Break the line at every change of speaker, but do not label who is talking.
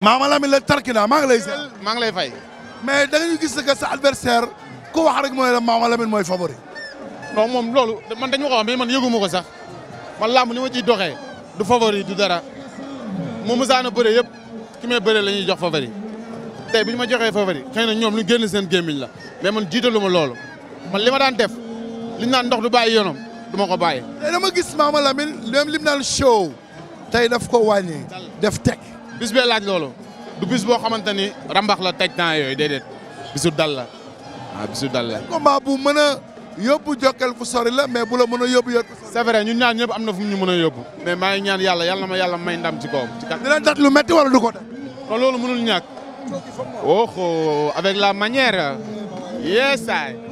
Mama Lamine la Tarkina maa ngi lay. maa lay fay. mais da nga gis que sa adversaire ku wax rek mooy la Mama Lamine mooy favori. non moom loolu
man dañ ma man yëgu ma ko sax man làmb ni ma ciy doxee du favori du dara mu musaana bëre yëpp ki may bëre la ñuy jox favori tey bi ñu ma joxee favori xëy na ñoom lu génn seen gémmiñ la mais man jiitalu ma loolu man li ma daan def li ñu naan ndox du bàyyi yoonam du ma ko bàyyi. tey dama gis Mama Lamine même lim naan show tey daf ko wàññi def teg. bis bee laaj loolu du bis boo xamante ni rambax la teg temps yooyu déedéet bisu dal la waaw ah, bisu dal la.
mën a yóbbu Jokal fu sori la
mais bu la mën a yóbbu yóbbu. c'est vrai ñun ñaan ñëpp am na fu ñu mën a yóbbu. mais maa ngi ñaan yàlla yàlla na ma yàlla may ndam ci kawam. ci kat dina lu metti wala du ko dat. non loolu mënul ñàkk. oh avec la manière. yes